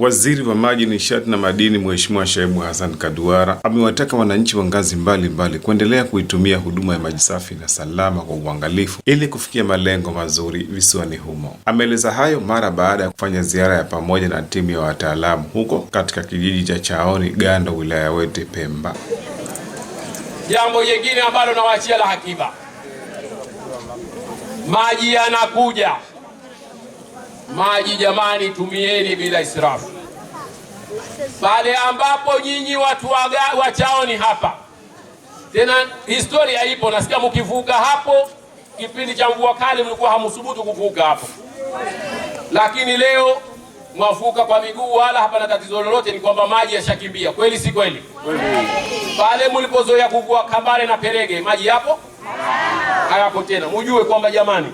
Waziri wa Maji, Nishati na Madini, Mheshimiwa Shaibu Hassan Kaduara amewataka wananchi wa ngazi mbalimbali kuendelea kuitumia huduma ya maji safi na salama kwa uangalifu ili kufikia malengo mazuri visiwani humo. Ameeleza hayo mara baada ya kufanya ziara ya pamoja na timu ya wataalamu huko katika kijiji cha Chaoni Gando, wilaya Wete, Pemba. Jambo jingine ambalo nawaachia la hakiba, maji yanakuja Maji jamani, tumieni bila israfu. Pale ambapo nyinyi watu wachaoni hapa tena, historia ipo, nasikia mkivuka hapo. Kipindi cha mvua kali mlikuwa hamsubutu kuvuka hapo, lakini leo mwavuka kwa miguu, wala hapana tatizo lolote. Ni kwamba maji yashakimbia, kweli si kweli? Pale mlipozoea kuvua kambare na perege, maji yapo hayapo tena. Mujue kwamba jamani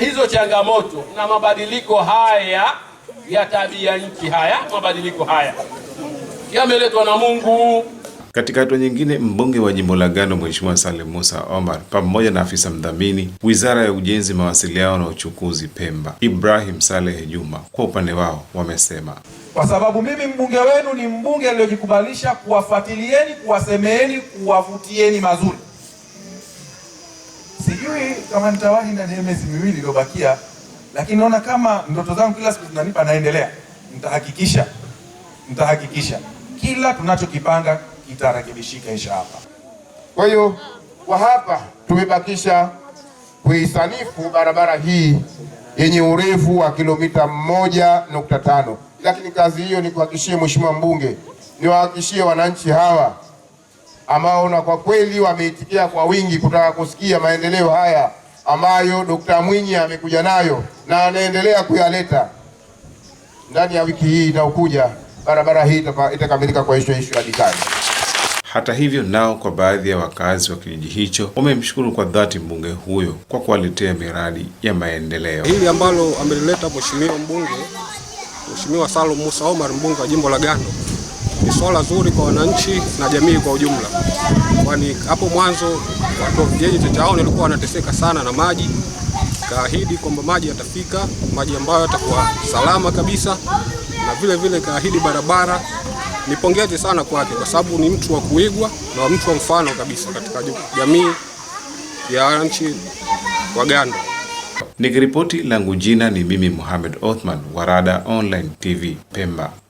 hizo changamoto na mabadiliko haya ya tabia nchi, haya mabadiliko haya yameletwa na Mungu. Katika hatua nyingine, mbunge wa jimbo la Gano Mheshimiwa Salim Musa Omar pamoja na afisa mdhamini Wizara ya Ujenzi, Mawasiliano na Uchukuzi Pemba Ibrahim Saleh Juma kwa upande wao wamesema, kwa sababu mimi mbunge wenu ni mbunge aliyojikubalisha kuwafuatilieni, kuwasemeeni, kuwavutieni mazuri Sijui kama nitawahi ndani ya miezi miwili iliyobakia, lakini naona kama ndoto zangu kila siku zinanipa, naendelea. Nitahakikisha, nitahakikisha kila tunachokipanga kitarekebishika insha hapa Kwa hiyo kwa hapa tumebakisha kuisanifu barabara hii yenye urefu wa kilomita moja nukta tano lakini kazi hiyo ni kuhakikishie Mheshimiwa Mbunge, niwahakikishie wananchi hawa ambao na kwa kweli wameitikia kwa wingi kutaka kusikia maendeleo haya ambayo Dkt. Mwinyi amekuja nayo na anaendelea kuyaleta. Ndani ya wiki hii inayokuja barabara hii itakamilika kwa isho isho hadi Kani. Hata hivyo nao kwa baadhi ya wakazi wa kijiji hicho wamemshukuru kwa dhati mbunge huyo kwa kuwaletea miradi ya maendeleo. Hili ambalo amelileta mheshimiwa mbunge, Mheshimiwa Salum Musa Omar, mbunge wa jimbo la Gando ni swala zuri kwa wananchi na jamii kwa ujumla, kwani hapo mwanzo watu wa vijiji cha Chaoni walikuwa wanateseka sana na maji. Kaahidi kwamba maji yatafika, maji ambayo yatakuwa salama kabisa, na vile vile kaahidi barabara. Nipongeze sana kwake kwa sababu ni mtu wa kuigwa na mtu wa mfano kabisa katika jamii ya wananchi wa Gando. Nikiripoti langu jina ni mimi Mohamed Othman wa Rada Online TV Pemba.